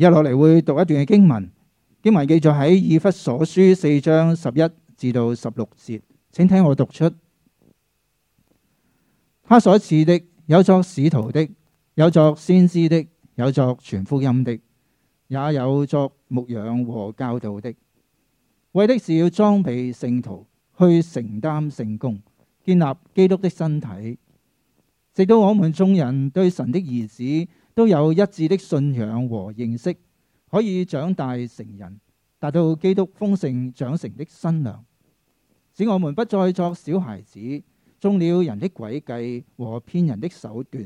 一落嚟會讀一段嘅經文，經文記載喺以弗所書四章十一至到十六節，請聽我讀出。他所賜的，有作使徒的，有作先知的，有作傳福音的，也有作牧養和教導的，為的是要裝備聖徒去承擔聖工，建立基督的身體，直到我們眾人對神的兒子。都有一致的信仰和認識，可以長大成人，達到基督豐盛長成的身量。使我們不再作小孩子，中了人的詭計和騙人的手段，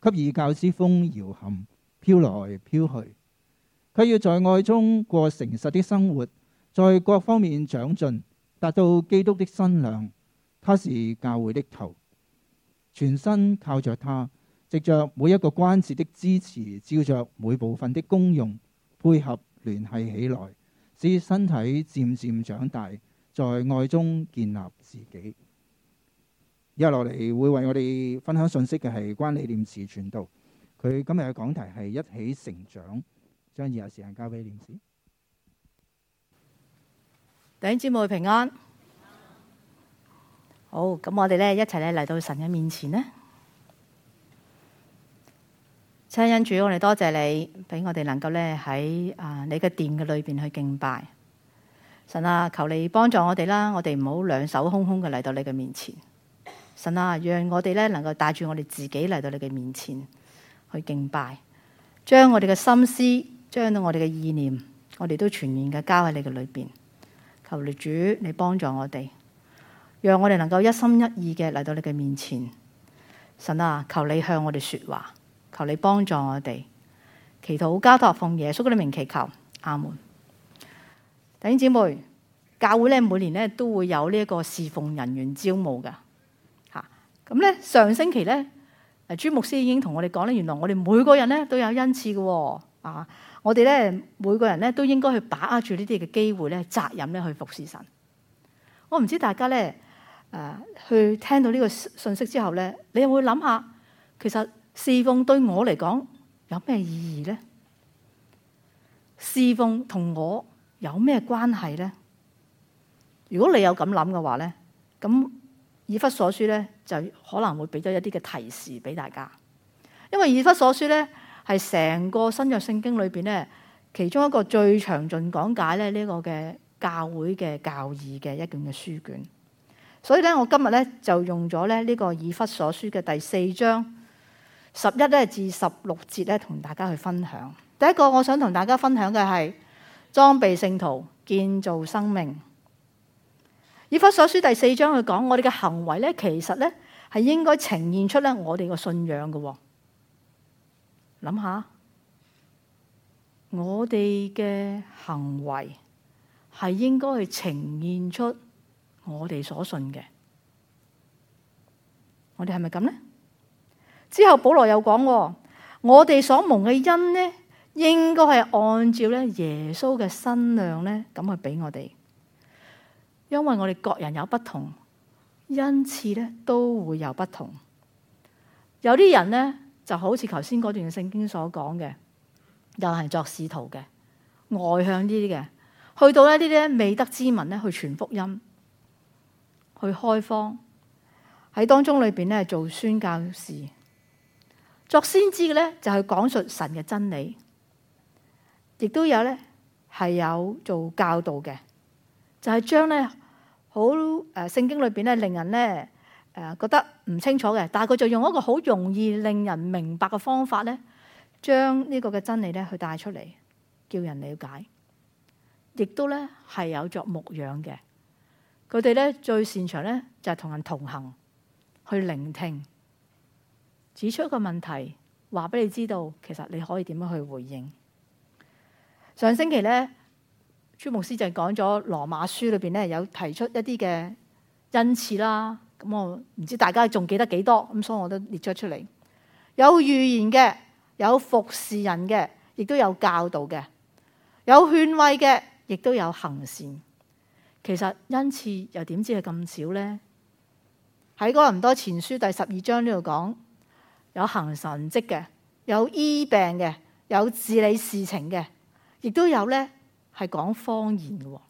給異教之風搖撼，飄來飄去。佢要在愛中過誠實的生活，在各方面長進，達到基督的身量。他是教會的頭，全身靠著他。藉着每一個關節的支持，照着每部分的功用配合聯繫起來，使身體漸漸長大，在愛中建立自己。而落嚟會為我哋分享信息嘅係關理念時傳道，佢今日嘅講題係一起成長。將以下時間交俾念時。頂住冇平安。好，咁我哋呢一齊呢嚟到神嘅面前呢。親恩主，我哋多謝你俾我哋能夠咧喺啊你嘅殿嘅裏邊去敬拜神啊。求你幫助我哋啦，我哋唔好兩手空空嘅嚟到你嘅面前。神啊，讓我哋咧能夠帶住我哋自己嚟到你嘅面前去敬拜，將我哋嘅心思，將到我哋嘅意念，我哋都全然嘅交喺你嘅裏邊。求你主，你幫助我哋，讓我哋能夠一心一意嘅嚟到你嘅面前。神啊，求你向我哋說話。求你幫助我哋，祈禱交託，奉耶穌嘅名祈求，阿門。弟兄姐妹，教會咧每年咧都會有呢一個侍奉人員招募噶，吓咁咧上星期咧，誒朱牧師已經同我哋講咧，原來我哋每個人咧都有恩賜嘅，啊，我哋咧每個人咧都應該去把握住呢啲嘅機會咧，責任咧去服侍神。我唔知大家咧誒、啊、去聽到呢個信息之後咧，你會唔會諗下，其實。侍奉對我嚟講有咩意義呢？侍奉同我有咩關係呢？如果你有咁諗嘅話咧，咁以弗所書咧就可能會俾咗一啲嘅提示俾大家，因為以弗所書咧係成個新約聖經裏邊咧其中一個最詳盡講解咧呢個嘅教會嘅教義嘅一段嘅書卷，所以咧我今日咧就用咗咧呢個以弗所書嘅第四章。十一咧至十六節咧，同大家去分享。第一個，我想同大家分享嘅係裝備聖徒，建造生命。以弗所書第四章去講，我哋嘅行為咧，其實咧係應該呈現出咧我哋嘅信仰嘅。諗下，我哋嘅行為係應該去呈現出我哋所信嘅。我哋係咪咁呢？之後，保羅又講：我哋所蒙嘅恩呢，應該係按照咧耶穌嘅身量呢，咁去俾我哋。因為我哋各人有不同，恩賜呢都會有不同。有啲人呢就好似頭先嗰段聖經所講嘅，又係作使徒嘅，外向啲嘅，去到呢啲呢未得之民呢去傳福音，去開荒，喺當中裏邊呢做宣教士。作先知嘅咧就係講述神嘅真理，亦都有咧係有做教導嘅，就係將咧好誒聖經裏邊咧令人咧誒覺得唔清楚嘅，但係佢就用一個好容易令人明白嘅方法咧，將呢個嘅真理咧去帶出嚟，叫人了解，亦都咧係有作牧養嘅，佢哋咧最擅長咧就係同人同行去聆聽。指出一個問題，話俾你知道，其實你可以點樣去回應。上星期咧，朱牧師就講咗《羅馬書》裏邊咧有提出一啲嘅恩賜啦。咁、嗯、我唔知大家仲記得幾多，咁所以我都列咗出嚟。有預言嘅，有服侍人嘅，亦都有教導嘅，有勸慰嘅，亦都有行善。其實恩賜又點知係咁少呢？喺《哥林多前書》第十二章呢度講。有行神蹟嘅，有醫病嘅，有治理事情嘅，亦都有咧係講方言嘅喎。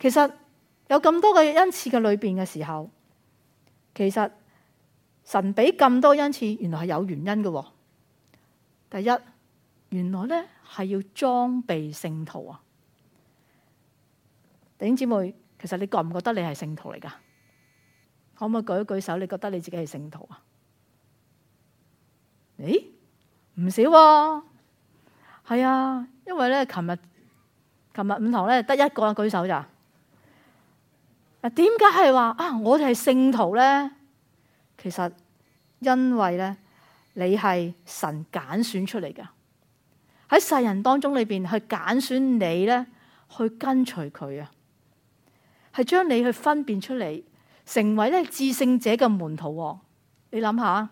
其實有咁多嘅恩賜嘅裏邊嘅時候，其實神俾咁多恩賜，原來係有原因嘅喎。第一，原來咧係要裝備聖徒啊！弟兄姊妹，其實你覺唔覺得你係聖徒嚟噶？可唔可以舉一舉手？你覺得你自己係聖徒啊？誒，唔少喎，係啊，因為咧，琴日琴日五堂咧得一個舉手咋？啊，點解係話啊？我哋係聖徒咧，其實因為咧，你係神揀選出嚟㗎！喺世人當中裏邊去揀選你咧，去跟隨佢啊，係將你去分辨出嚟，成為咧至聖者嘅門徒哦。你諗下。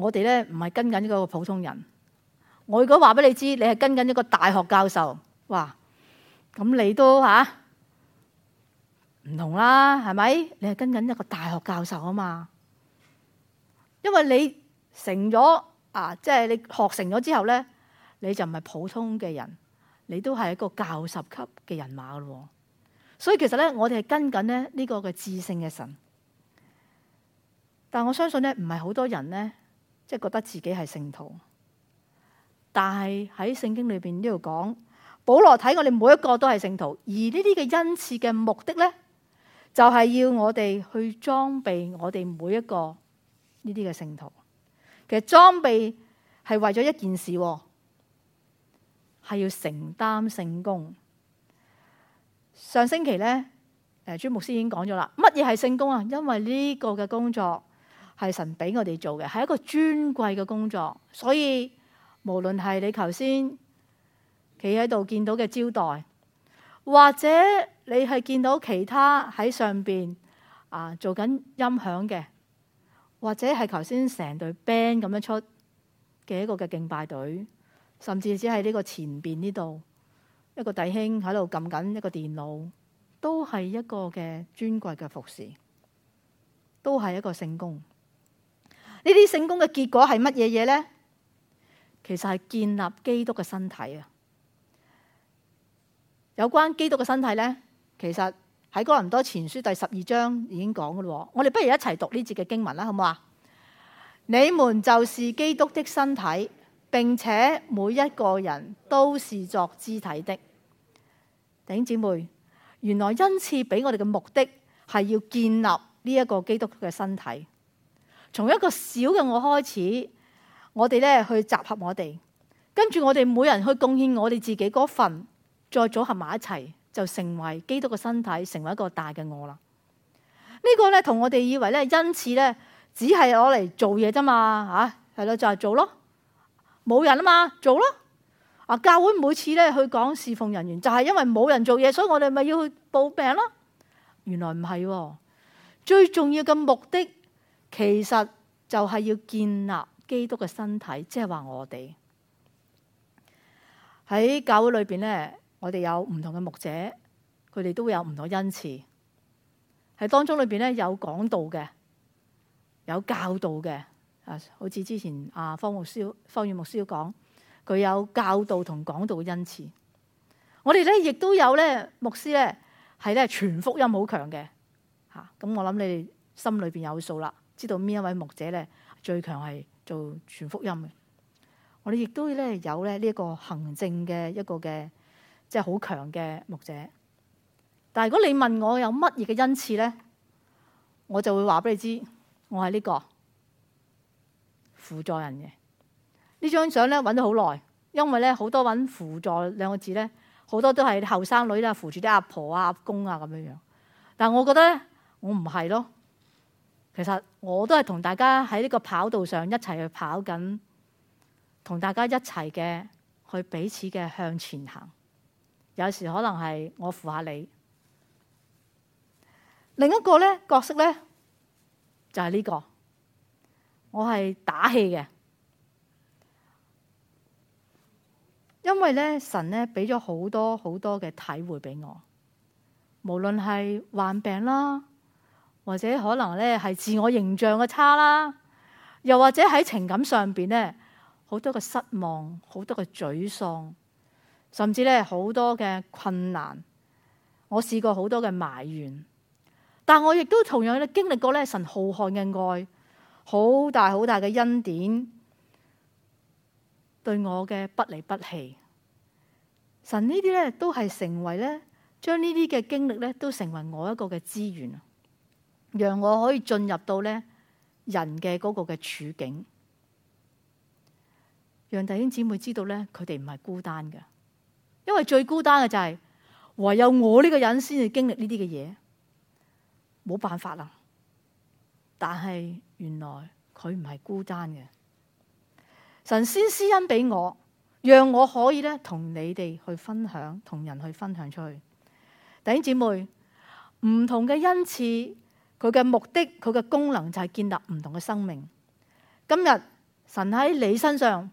我哋咧唔係跟緊一個普通人，我如果話俾你知，你係跟緊一個大學教授，哇，咁你都吓唔同啦，係咪？你係跟緊一個大學教授啊嘛，因為你成咗啊，即係你學成咗之後咧，你就唔係普通嘅人，你都係一個教授級嘅人馬咯。所以其實咧，我哋係跟緊咧呢個嘅智性嘅神，但我相信咧，唔係好多人咧。即係覺得自己係聖徒，但係喺聖經裏邊呢度講，保羅睇我哋每一個都係聖徒，而呢啲嘅恩賜嘅目的呢，就係要我哋去裝備我哋每一個呢啲嘅聖徒。其實裝備係為咗一件事，係要承擔聖工。上星期呢，誒朱牧師已經講咗啦，乜嘢係聖工啊？因為呢個嘅工作，係神俾我哋做嘅，係一個尊貴嘅工作。所以無論係你頭先企喺度見到嘅招待，或者你係見到其他喺上邊啊做緊音響嘅，或者係頭先成隊 band 咁樣出嘅一個嘅敬拜隊，甚至只係呢個前邊呢度一個弟兄喺度撳緊一個電腦，都係一個嘅尊貴嘅服侍，都係一個聖工。呢啲聖工嘅結果係乜嘢嘢呢？其實係建立基督嘅身體啊！有關基督嘅身體呢，其實喺哥林多前書第十二章已經講噶咯。我哋不如一齊讀呢節嘅經文啦，好唔好啊？你們就是基督的身體，並且每一個人都是作肢體的。弟兄姐妹，原來恩賜俾我哋嘅目的係要建立呢一個基督嘅身體。從一個小嘅我開始，我哋咧去集合我哋，跟住我哋每人去貢獻我哋自己嗰份，再組合埋一齊，就成為基督嘅身體，成為一個大嘅我啦。這個、呢個咧同我哋以為咧，因此咧只係攞嚟做嘢啫嘛，吓係咯就係、是、做咯，冇人啊嘛做咯。啊教會每次咧去講侍奉人員，就係、是、因為冇人做嘢，所以我哋咪要去報名咯。原來唔係、哦，最重要嘅目的。其實就係要建立基督嘅身體，即係話我哋喺教會裏邊咧，我哋有唔同嘅牧者，佢哋都會有唔同嘅恩賜。喺當中裏邊咧，有講道嘅，有教導嘅，啊，好似之前啊方牧師、方宇牧師講，佢有教導同講道嘅恩賜。我哋咧亦都有咧牧師咧，係咧全福音好強嘅，吓咁我諗你哋心裏邊有數啦。知道邊一位牧者咧最強係做全福音嘅，我哋亦都咧有咧呢一個行政嘅一個嘅即係好強嘅牧者。但係如果你問我有乜嘢嘅恩賜咧，我就會話俾你知，我係呢個輔助人嘅。呢張相咧揾咗好耐，因為咧好多揾輔助兩個字咧，好多都係後生女啦，扶住啲阿婆啊、阿公啊咁樣樣。但係我覺得我唔係咯。其實我都係同大家喺呢個跑道上一齊去跑緊，同大家一齊嘅去彼此嘅向前行。有時可能係我扶下你，另一個呢角色呢，就係呢個，我係打氣嘅，因為呢神呢俾咗好多好多嘅體會俾我，無論係患病啦。或者可能咧係自我形象嘅差啦，又或者喺情感上邊呢，好多嘅失望，好多嘅沮喪，甚至咧好多嘅困難。我試過好多嘅埋怨，但我亦都同樣咧經歷過咧神浩瀚嘅愛，好大好大嘅恩典，對我嘅不離不棄。神呢啲咧都係成為咧，將呢啲嘅經歷咧都成為我一個嘅資源。讓我可以進入到咧人嘅嗰個嘅處境，讓弟兄姊妹知道咧佢哋唔係孤單嘅，因為最孤單嘅就係唯有我呢個人先至經歷呢啲嘅嘢，冇辦法啦。但係原來佢唔係孤單嘅，神先施恩俾我，讓我可以咧同你哋去分享，同人去分享出去。弟兄姊妹，唔同嘅恩賜。佢嘅目的，佢嘅功能就係建立唔同嘅生命。今日神喺你身上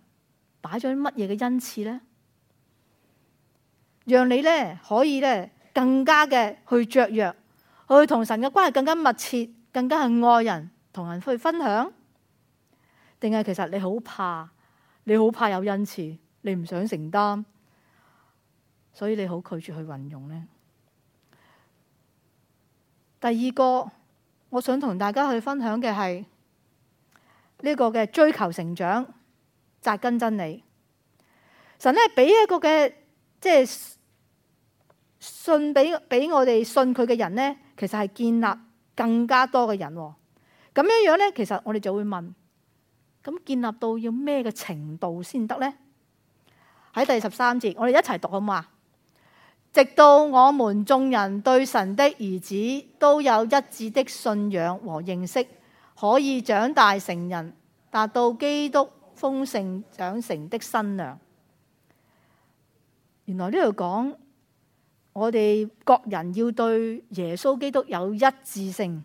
擺咗乜嘢嘅恩賜呢？讓你呢可以呢更加嘅去雀躍，去同神嘅關係更加密切，更加係愛人同人去分享。定係其實你好怕，你好怕有恩賜，你唔想承擔，所以你好拒絕去運用呢？第二個。我想同大家去分享嘅係呢個嘅追求成長、扎根真理。神咧俾一個嘅即係信俾俾我哋信佢嘅人咧，其實係建立更加多嘅人、哦。咁樣樣咧，其實我哋就會問：咁建立到要咩嘅程度先得咧？喺第十三節，我哋一齊讀啊嘛！好唔好啊？直到我們眾人對神的兒子都有一致的信仰和認識，可以長大成人，達到基督豐盛長成的身量。原來呢度講，我哋各人要對耶穌基督有一致性。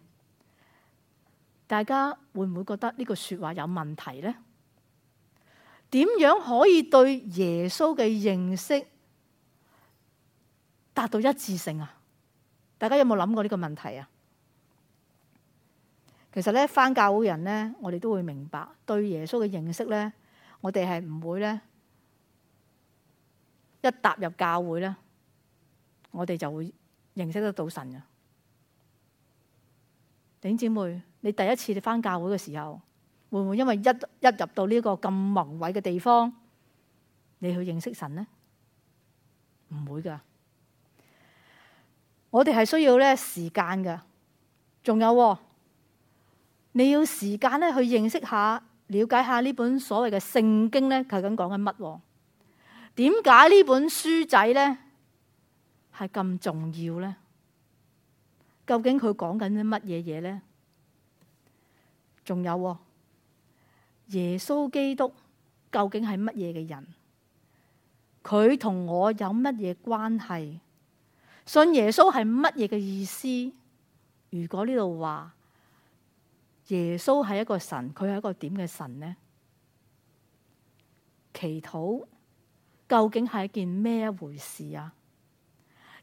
大家會唔會覺得呢個說話有問題呢？點樣可以對耶穌嘅認識？達到一致性啊！大家有冇諗過呢個問題啊？其實咧，翻教會人咧，我哋都會明白對耶穌嘅認識咧，我哋係唔會咧一踏入教會咧，我哋就會認識得到神啊。弟兄姊妹，你第一次你翻教會嘅時候，會唔會因為一一入到呢個咁宏偉嘅地方，你去認識神咧？唔會噶。我哋係需要呢時間㗎，仲有你要時間呢去認識下、了解下呢本所謂嘅聖經呢，究竟講緊乜？點解呢本書仔呢係咁重要呢？究竟佢講緊啲乜嘢嘢呢？仲有耶穌基督究竟係乜嘢嘅人？佢同我有乜嘢關係？信耶穌係乜嘢嘅意思？如果呢度話耶穌係一個神，佢係一個點嘅神呢？祈禱究竟係一件咩一回事啊？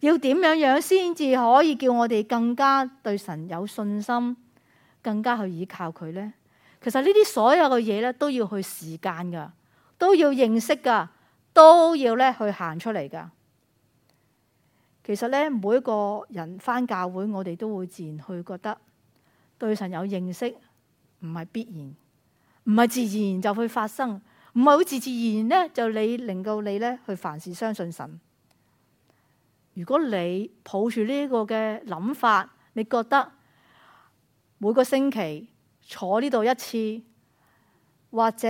要點樣樣先至可以叫我哋更加對神有信心，更加去依靠佢呢？其實呢啲所有嘅嘢咧，都要去時間噶，都要認識噶，都要咧去行出嚟噶。其實咧，每一個人翻教會，我哋都會自然去覺得對神有認識，唔係必然，唔係自然就會發生，唔係好自自然然咧，就你令到你咧去凡事相信神。如果你抱住呢個嘅諗法，你覺得每個星期坐呢度一次，或者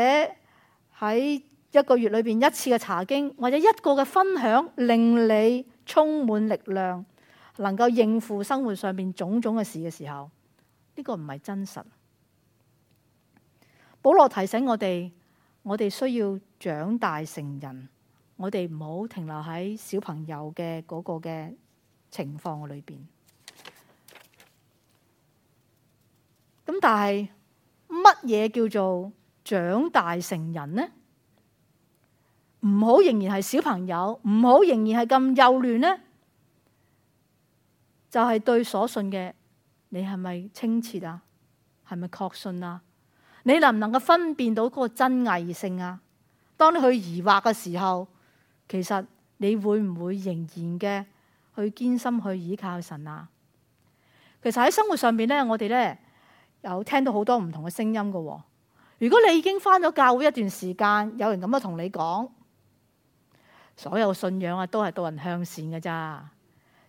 喺一個月裏邊一次嘅查經，或者一個嘅分享，令你充滿力量，能夠應付生活上面種種嘅事嘅時候，呢個唔係真實。保羅提醒我哋，我哋需要長大成人，我哋唔好停留喺小朋友嘅嗰個嘅情況嘅裏邊。咁但係乜嘢叫做長大成人呢？唔好仍然係小朋友，唔好仍然係咁幼嫩呢就係、是、對所信嘅，你係咪清澈啊？係咪確信啊？你能唔能夠分辨到嗰個真偽性啊？當你去疑惑嘅時候，其實你會唔會仍然嘅去堅心去倚靠神啊？其實喺生活上邊呢，我哋呢有聽到好多唔同嘅聲音噶。如果你已經返咗教會一段時間，有人咁樣同你講。所有信仰啊，都係導人向善嘅咋？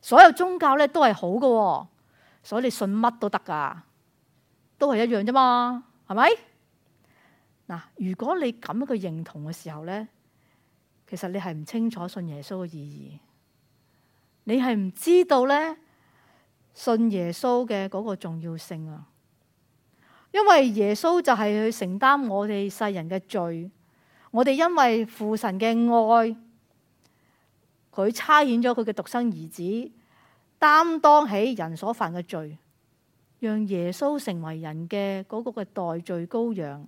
所有宗教咧都係好嘅，所以你信乜都得噶，都係一樣啫嘛，係咪？嗱，如果你咁樣去認同嘅時候咧，其實你係唔清楚信耶穌嘅意義，你係唔知道咧信耶穌嘅嗰個重要性啊。因為耶穌就係去承擔我哋世人嘅罪，我哋因為父神嘅愛。佢差遣咗佢嘅獨生兒子擔當起人所犯嘅罪，讓耶穌成為人嘅嗰個嘅代罪羔羊，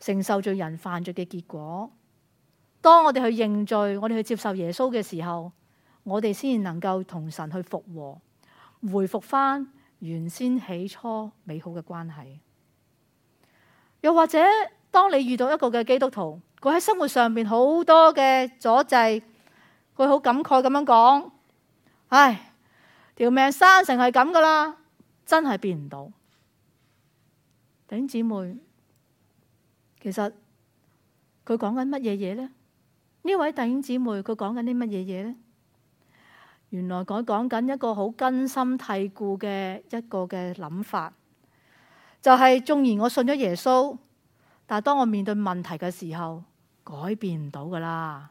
承受罪人犯罪嘅結果。當我哋去認罪，我哋去接受耶穌嘅時候，我哋先能夠同神去復和，回復翻原先起初美好嘅關係。又或者，當你遇到一個嘅基督徒，佢喺生活上邊好多嘅阻滯。佢好感慨咁樣講：唉，條命生成係咁噶啦，真係變唔到。弟兄姊妹，其實佢講緊乜嘢嘢呢？呢位弟兄姊妹佢講緊啲乜嘢嘢呢？原來佢講緊一個好根深蒂固嘅一個嘅諗法，就係、是、縱然我信咗耶穌，但係當我面對問題嘅時候，改變唔到噶啦。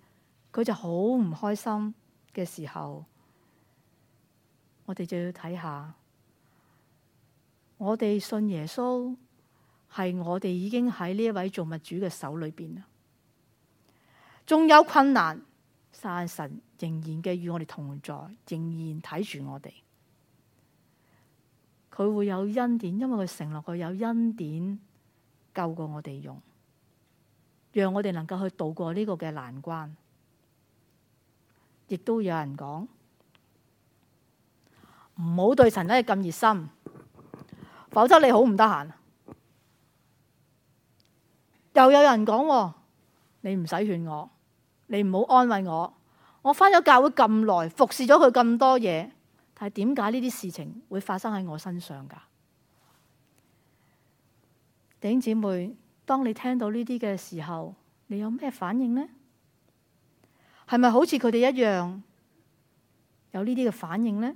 佢就好唔開心嘅時候，我哋就要睇下。我哋信耶穌，係我哋已經喺呢一位造物主嘅手裏邊啦。仲有困難，但神仍然嘅與我哋同在，仍然睇住我哋。佢會有恩典，因為佢承諾過有恩典救過我哋用，讓我哋能夠去度過呢個嘅難關。亦都有人講，唔好對神咧咁熱心，否則你好唔得閒。又有人講，你唔使勸我，你唔好安慰我。我返咗教會咁耐，服侍咗佢咁多嘢，但係點解呢啲事情會發生喺我身上噶？弟兄姐妹，當你聽到呢啲嘅時候，你有咩反應呢？」係咪好似佢哋一樣有呢啲嘅反應呢？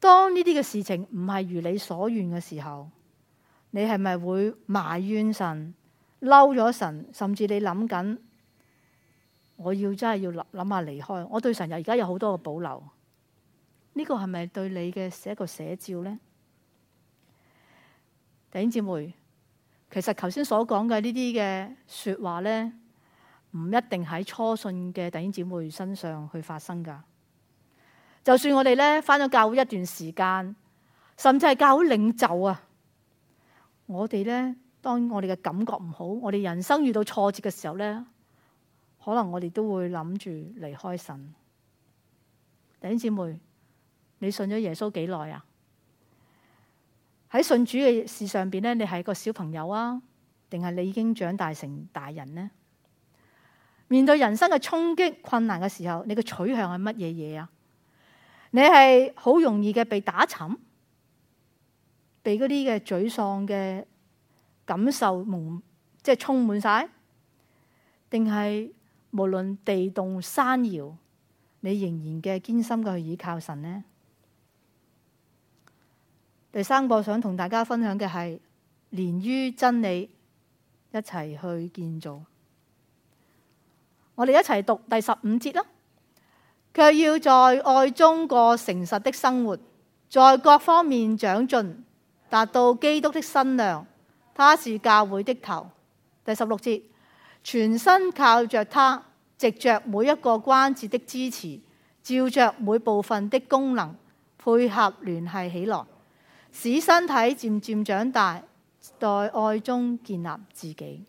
當呢啲嘅事情唔係如你所願嘅時候，你係咪會埋怨神、嬲咗神，甚至你諗緊我要真係要諗下離開？我對神又而家有好多嘅保留，呢個係咪對你嘅一個寫照呢？弟兄姊妹，其實頭先所講嘅呢啲嘅說話呢。唔一定喺初信嘅弟兄姐妹身上去發生噶。就算我哋咧返咗教會一段時間，甚至係教會領袖啊，我哋咧，當我哋嘅感覺唔好，我哋人生遇到挫折嘅時候咧，可能我哋都會諗住離開神。弟兄姐妹，你信咗耶穌幾耐啊？喺信主嘅事上邊咧，你係一個小朋友啊，定係你已經長大成大人呢？面對人生嘅衝擊困難嘅時候，你嘅取向係乜嘢嘢啊？你係好容易嘅被打沉，被嗰啲嘅沮喪嘅感受即係充滿晒，定係無論地動山搖，你仍然嘅堅心嘅去倚靠神呢？第三個想同大家分享嘅係連於真理，一齊去建造。我哋一齊讀第十五節啦，卻要在愛中過誠實的生活，在各方面長進，達到基督的身量。他是教會的頭。第十六節，全身靠着他，藉着每一個關節的支持，照着每部分的功能配合聯繫起來，使身體漸漸長大，在愛中建立自己。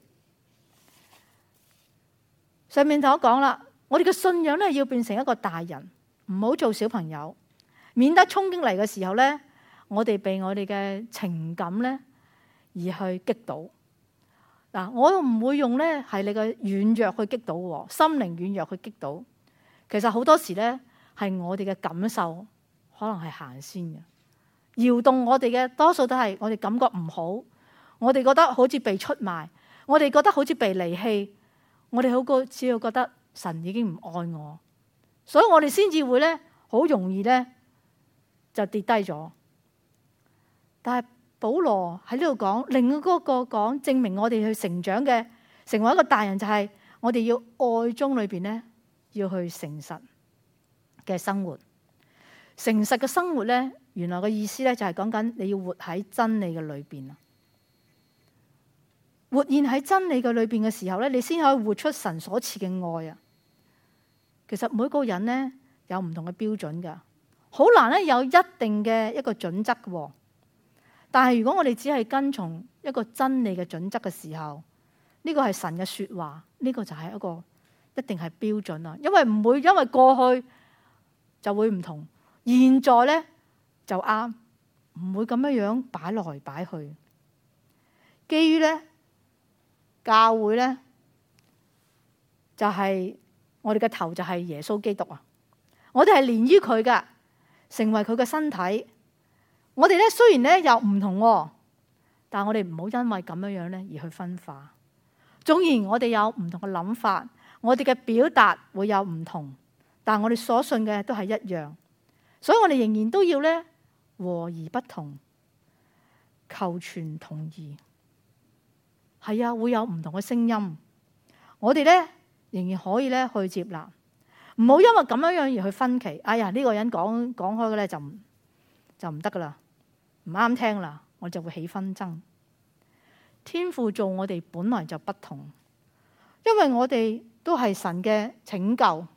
上面同我講啦，我哋嘅信仰咧要變成一個大人，唔好做小朋友，免得衝擊嚟嘅時候咧，我哋被我哋嘅情感咧而去擊倒。嗱，我又唔會用咧係你嘅軟弱去擊倒，心靈軟弱去擊倒。其實好多時咧係我哋嘅感受可能係行先嘅，搖動我哋嘅多數都係我哋感覺唔好，我哋覺得好似被出賣，我哋覺得好似被離棄。我哋好過，只要覺得神已經唔愛我，所以我哋先至會咧，好容易咧就跌低咗。但係保羅喺呢度講，另外一個個講，證明我哋去成長嘅，成為一個大人就係我哋要愛中裏邊咧，要去誠實嘅生活。誠實嘅生活咧，原來嘅意思咧就係講緊你要活喺真理嘅裏邊。活現喺真理嘅裏邊嘅時候咧，你先可以活出神所賜嘅愛啊！其實每個人呢有唔同嘅標準噶，好難咧有一定嘅一個準則嘅。但係如果我哋只係跟從一個真理嘅準則嘅時候，呢個係神嘅說話，呢個就係一個一定係標準啦。因為唔會，因為過去就會唔同，現在呢就啱，唔會咁樣樣擺來擺去。基於呢。教會呢，就係、是、我哋嘅頭就係耶穌基督啊！我哋係連於佢，噶成為佢嘅身體。我哋呢，雖然呢又唔同、喎，但係我哋唔好因為咁樣樣呢而去分化。縱然我哋有唔同嘅諗法，我哋嘅表達會有唔同，但係我哋所信嘅都係一樣。所以我哋仍然都要呢和而不同，求全同意。係啊，會有唔同嘅聲音，我哋呢，仍然可以呢去接納，唔好因為咁樣樣而去分歧。哎呀，呢個人講講開嘅呢，就就唔得噶啦，唔啱聽啦，我就會起紛爭。天父做我哋本來就不同，因為我哋都係神嘅拯救，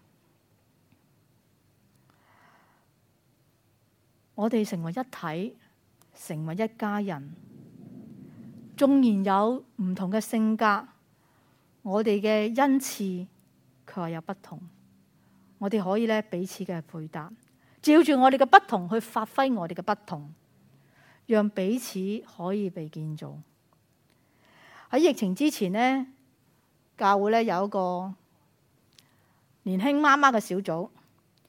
我哋成為一體，成為一家人。縱然有唔同嘅性格，我哋嘅恩賜佢話有不同。我哋可以咧彼此嘅配搭，照住我哋嘅不同去發揮我哋嘅不同，讓彼此可以被建造。喺疫情之前咧，教會咧有一個年輕媽媽嘅小組。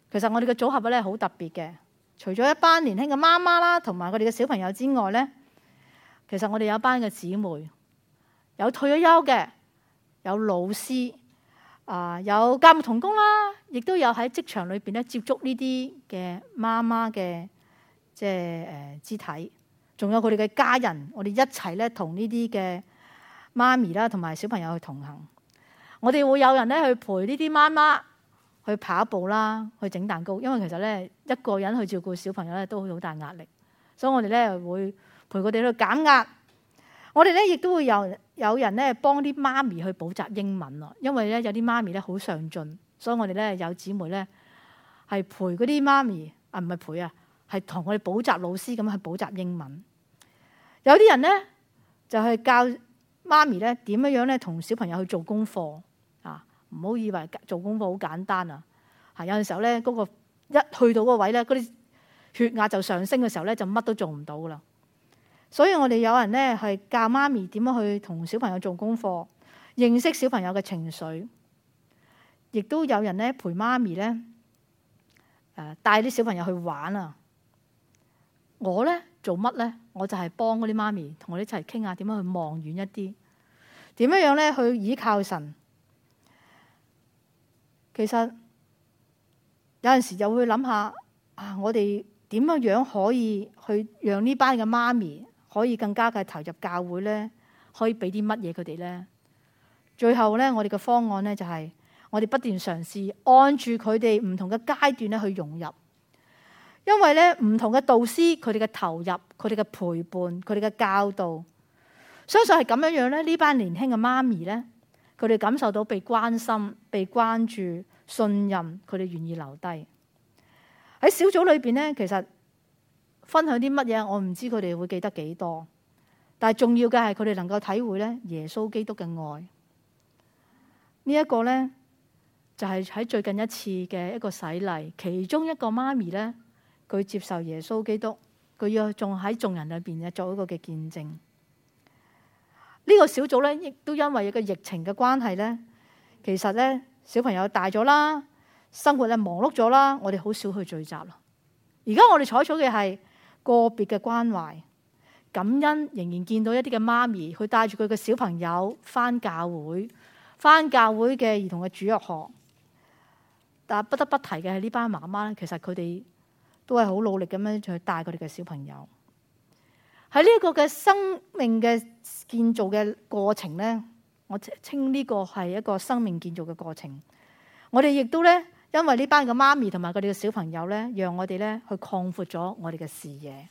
其實我哋嘅組合咧好特別嘅，除咗一班年輕嘅媽媽啦，同埋佢哋嘅小朋友之外咧。其實我哋有一班嘅姊妹，有退咗休嘅，有老師，啊、呃、有家務同工啦，亦都有喺職場裏邊咧接觸呢啲嘅媽媽嘅即係誒肢體，仲有佢哋嘅家人，我哋一齊咧同呢啲嘅媽咪啦，同埋小朋友去同行。我哋會有人咧去陪呢啲媽媽去跑步啦，去整蛋糕，因為其實咧一個人去照顧小朋友咧都好大壓力，所以我哋咧會。陪佢哋去減壓。我哋咧亦都會有有人咧幫啲媽咪去補習英文咯。因為咧有啲媽咪咧好上進，所以我哋咧有姊妹咧係陪嗰啲媽咪啊，唔係陪啊，係同我哋補習老師咁去補習英文。有啲人咧就係、係、教媽咪咧點樣樣咧同小朋友去做功課啊。唔好以為做功課好簡單啊，有陣時候咧嗰、嗰個一去到個位咧，嗰啲血壓就上升嘅時候咧，就乜都做唔到啦。所以我哋有人咧係教媽咪點樣去同小朋友做功課，認識小朋友嘅情緒，亦都有人咧陪媽咪咧，誒帶啲小朋友去玩啊！我咧做乜咧？我就係幫嗰啲媽咪同我哋一齊傾下點樣去望遠一啲，點樣樣咧去倚靠神。其實有陣時就會諗下啊，我哋點樣樣可以去讓呢班嘅媽咪？可以更加嘅投入教會咧，可以俾啲乜嘢佢哋咧？最後呢，我哋嘅方案呢，就是，就係我哋不斷嘗試按住佢哋唔同嘅階段咧去融入，因為呢唔同嘅導師佢哋嘅投入、佢哋嘅陪伴、佢哋嘅教導，相信係咁樣樣呢，呢班年輕嘅媽咪呢，佢哋感受到被關心、被關注、信任，佢哋願意留低喺小組裏邊呢，其實。分享啲乜嘢，我唔知佢哋會記得幾多，但係重要嘅係佢哋能夠體會咧耶穌基督嘅愛。這個、呢一個咧就係、是、喺最近一次嘅一個洗禮，其中一個媽咪咧，佢接受耶穌基督，佢又仲喺眾人裏邊咧做一個嘅見證。呢、這個小組咧亦都因為一個疫情嘅關係咧，其實咧小朋友大咗啦，生活咧忙碌咗啦，我哋好少去聚集咯。而家我哋採取嘅係。個別嘅關懷、感恩，仍然見到一啲嘅媽咪去帶住佢嘅小朋友翻教會，翻教會嘅兒童嘅主日學。但係不得不提嘅係呢班媽媽咧，其實佢哋都係好努力咁樣去帶佢哋嘅小朋友。喺呢一個嘅生命嘅建造嘅過程呢，我稱呢個係一個生命建造嘅過程。我哋亦都呢。因為呢班嘅媽咪同埋佢哋嘅小朋友呢，讓我哋呢去擴闊咗我哋嘅視野。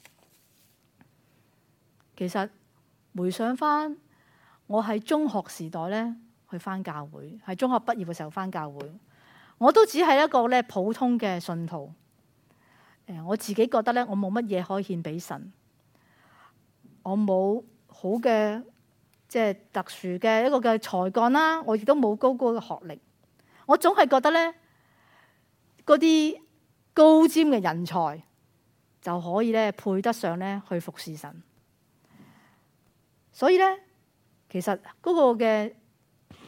其實回想翻，我喺中學時代呢去翻教會，喺中學畢業嘅時候翻教會，我都只係一個呢普通嘅信徒。我自己覺得呢，我冇乜嘢可以獻俾神，我冇好嘅即係特殊嘅一個嘅才幹啦，我亦都冇高高嘅學歷，我總係覺得呢。嗰啲高尖嘅人才就可以咧配得上咧去服侍神，所以咧其實嗰個嘅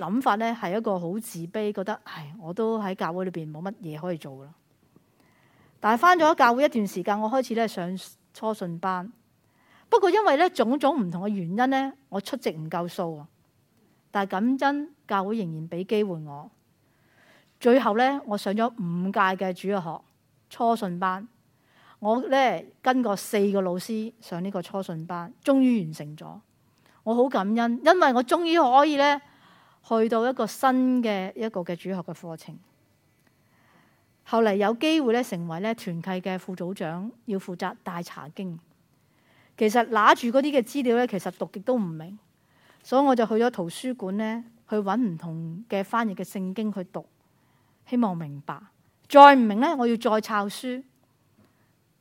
諗法咧係一個好自卑，覺得唉我都喺教會裏邊冇乜嘢可以做啦。但係翻咗教會一段時間，我開始咧上初信班。不過因為咧種種唔同嘅原因咧，我出席唔夠數啊。但係感恩教會仍然俾機會我。最後咧，我上咗五屆嘅主學初信班，我咧跟過四個老師上呢個初信班，終於完成咗。我好感恩，因為我終於可以咧去到一個新嘅一個嘅主學嘅課程。後嚟有機會咧，成為咧團契嘅副組長，要負責帶查經。其實拿住嗰啲嘅資料咧，其實讀極都唔明，所以我就去咗圖書館咧去揾唔同嘅翻譯嘅聖經去讀。希望明白，再唔明呢，我要再抄書，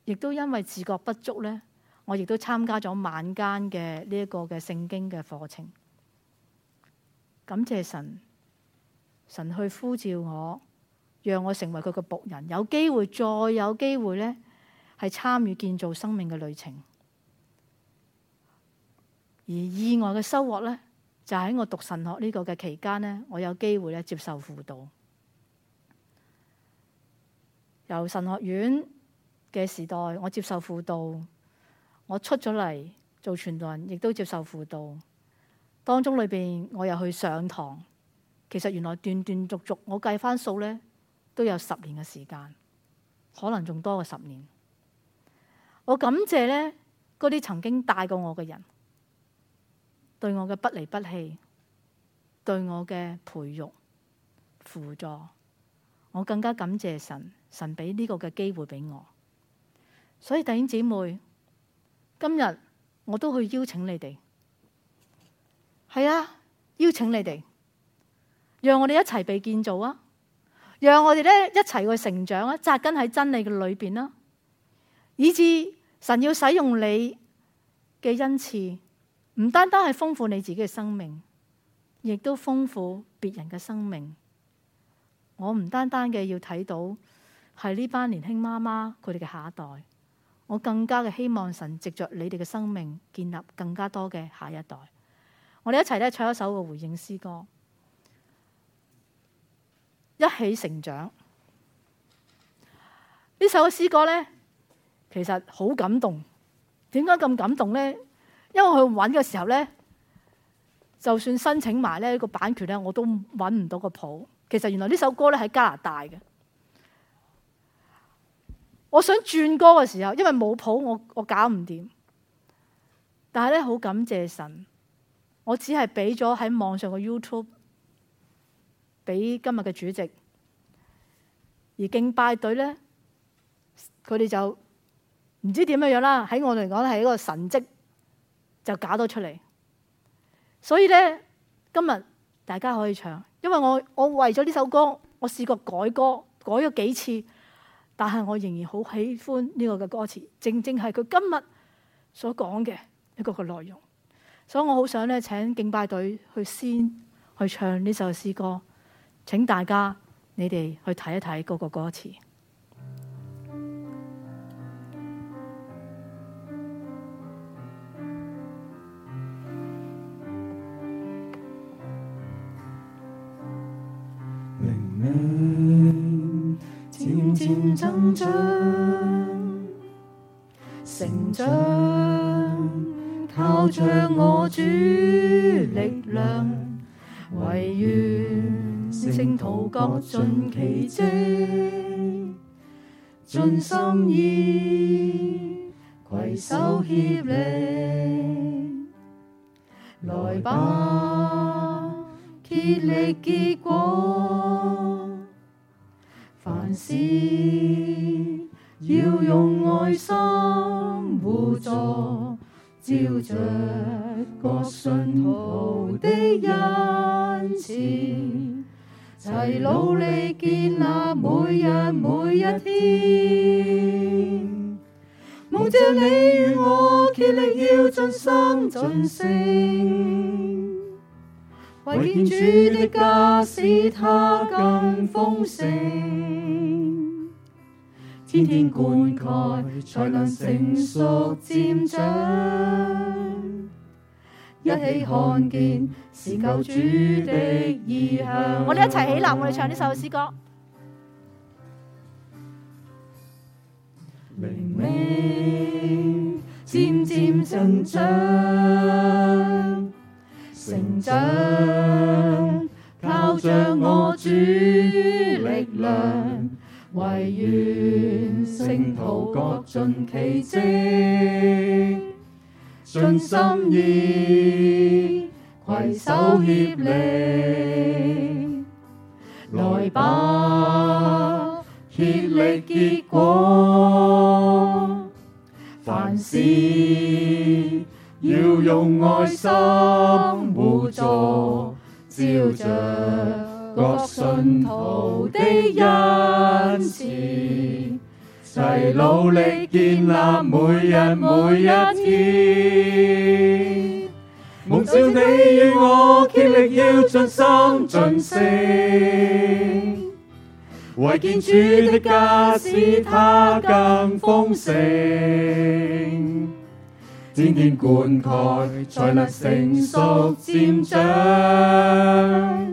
亦都因為自覺不足呢，我亦都參加咗晚間嘅呢一個嘅聖經嘅課程。感謝神，神去呼召我，讓我成為佢嘅僕人，有機會再有機會呢，係參與建造生命嘅旅程。而意外嘅收穫呢，就喺、是、我讀神學呢個嘅期間呢，我有機會咧接受輔導。由神學院嘅時代，我接受輔導，我出咗嚟做傳道人，亦都接受輔導。當中裏邊我又去上堂，其實原來斷斷續續，我計翻數呢，都有十年嘅時間，可能仲多過十年。我感謝呢嗰啲曾經帶過我嘅人，對我嘅不離不棄，對我嘅培育、輔助，我更加感謝神。神俾呢個嘅機會俾我，所以弟兄姊妹，今日我都去邀請你哋，係啊，邀請你哋，讓我哋一齊被建造啊，讓我哋咧一齊去成長啊，紮根喺真理嘅裏邊啦，以致神要使用你嘅恩賜，唔單單係豐富你自己嘅生命，亦都豐富別人嘅生命。我唔單單嘅要睇到。係呢班年輕媽媽佢哋嘅下一代，我更加嘅希望神藉着你哋嘅生命建立更加多嘅下一代。我哋一齊咧唱一首個回應詩歌，一起成長。呢首詩歌呢，其實好感動。點解咁感動呢？因為我去揾嘅時候呢，就算申請埋呢個版權呢，我都揾唔到個譜。其實原來呢首歌咧喺加拿大嘅。我想轉歌嘅時候，因為冇譜，我我搞唔掂。但係咧，好感謝神，我只係俾咗喺網上嘅 YouTube，俾今日嘅主席。而敬拜隊咧，佢哋就唔知點樣樣啦。喺我哋嚟講，係一個神蹟，就搞到出嚟。所以咧，今日大家可以唱，因為我我為咗呢首歌，我試過改歌，改咗幾次。但係我仍然好喜歡呢個嘅歌詞，正正係佢今日所講嘅一個嘅內容，所以我好想咧請敬拜隊去先去唱呢首詩歌，請大家你哋去睇一睇嗰個歌詞。增長，成長，靠着我主力量，唯願聖徒各盡其職，盡心意，攜手協力，來吧，竭力結果。是要用愛心互助，照着各信徒的恩賜，齊努力建立每日每一天。蒙着你與我竭力要盡心盡性，為建主的家使它更豐盛。.天天灌溉，才能成熟漸長。一起看見是救主的意向。我哋一齊起，起立，我哋唱呢首詩歌。明明漸漸成長，成長靠著我主力量。唯願聖徒各盡其職，盡心意，攜手協力，來吧，協力結果。凡事要用愛心互助，照着。各信徒的恩賜，齊努力建立每日每一天。蒙召你與我竭力要盡心盡性，為建主的家使它更豐盛。天天灌溉，才能成熟漸長。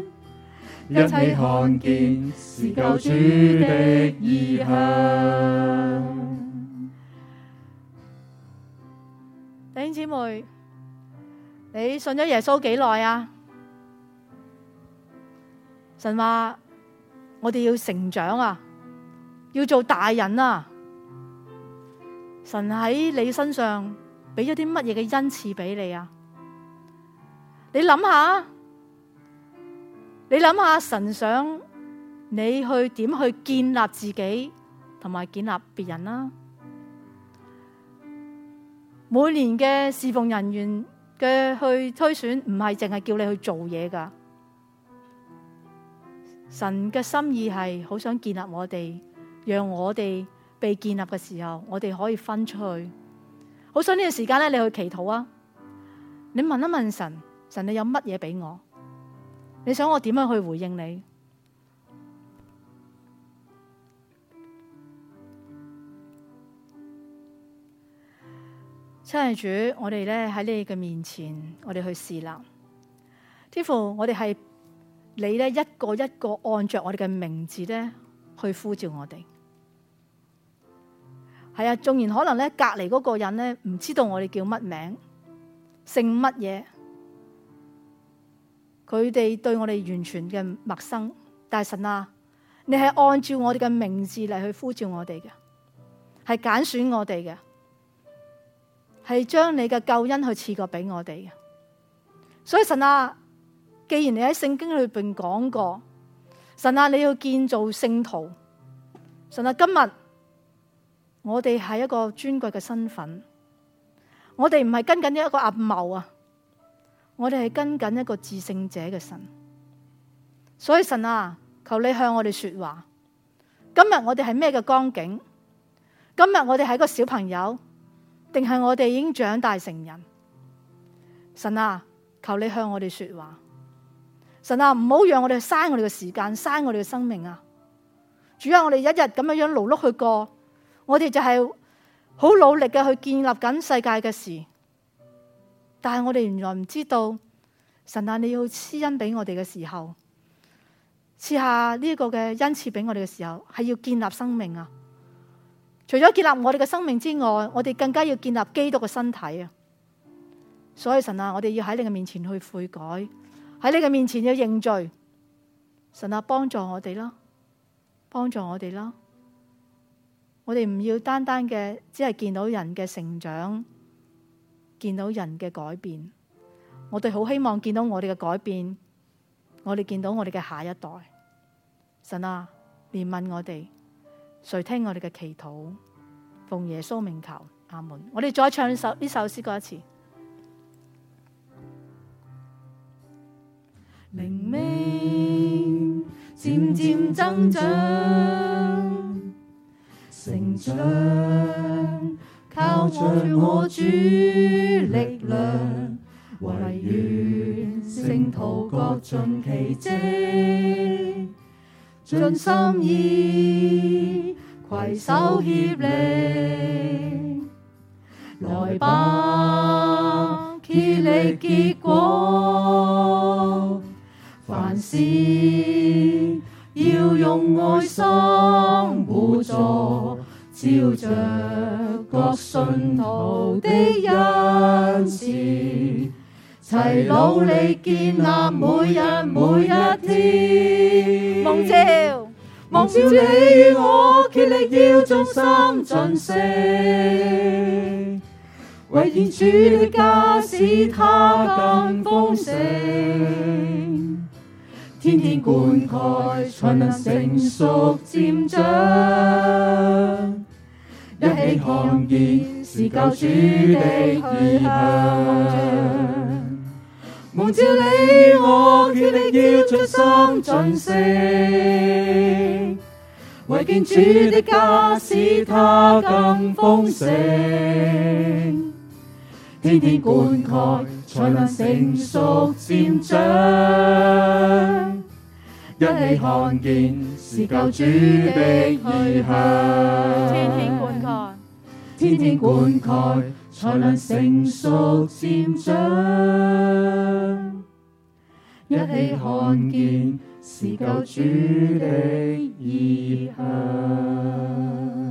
一起看見是救主的意向。弟兄姊妹，你信咗耶穌幾耐啊？神話我哋要成長啊，要做大人啊。神喺你身上俾咗啲乜嘢嘅恩賜俾你啊？你諗下啊。你諗下神想你去點去建立自己同埋建立別人啦。每年嘅侍奉人員嘅去推選唔係淨係叫你去做嘢噶。神嘅心意係好想建立我哋。讓我哋被建立嘅時候，我哋可以分出去。好想呢段時間呢，你去祈禱啊！你問一問神，神你有乜嘢俾我？你想我點樣去回應你？親愛的主，我哋咧喺你嘅面前，我哋去試立天父，我哋係你咧一個一個按着我哋嘅名字咧去呼召我哋。係啊，縱然可能咧隔籬嗰個人咧唔知道我哋叫乜名，姓乜嘢。佢哋對我哋完全嘅陌生，但係神啊，你係按照我哋嘅名字嚟去呼召我哋嘅，係揀選我哋嘅，係將你嘅救恩去賜過俾我哋嘅。所以神啊，既然你喺聖經裏邊講過，神啊你要建造聖徒，神啊今日我哋係一個尊貴嘅身份，我哋唔係跟緊一個阿茂啊。我哋係跟緊一個至聖者嘅神，所以神啊，求你向我哋說話。今日我哋係咩嘅光景？今日我哋係個小朋友，定係我哋已經長大成人？神啊，求你向我哋說話。神啊，唔好讓我哋嘥我哋嘅時間，嘥我哋嘅生命啊！主要我哋一日咁樣樣勞碌去過，我哋就係好努力嘅去建立緊世界嘅事。但係我哋原來唔知道，神啊，你要施恩俾我哋嘅時候，賜下呢個嘅恩賜俾我哋嘅時候，係要建立生命啊！除咗建立我哋嘅生命之外，我哋更加要建立基督嘅身體啊！所以神啊，我哋要喺你嘅面前去悔改，喺你嘅面前要認罪。神啊，幫助我哋啦，幫助我哋啦！我哋唔要單單嘅，只係見到人嘅成長。見到人嘅改變，我哋好希望見到我哋嘅改變，我哋見到我哋嘅下一代。神啊，憐憫我哋，誰聽我哋嘅祈禱？奉耶穌名求，阿門。我哋再唱首呢首詩歌一次。靈命漸漸增長，成長。靠着我主力量，唯願聖徒各盡其職，盡心意，攜手協力，來吧，竭力結果。凡事要用愛心互助，照着。各信徒的恩賜，齊努力建立每日每一天。蒙召，蒙召你與我竭力要盡心盡性，為天主的家使他更豐盛。天天灌溉，才能成熟漸長。一起看見是救主的異像，蒙召你我決定要盡心盡性，為見主的家使它更豐盛，天天灌溉才能成熟漸長。一起看見是救主的異象，天天灌溉，天天灌溉，才能成熟漸長。一起看見是救主的異象。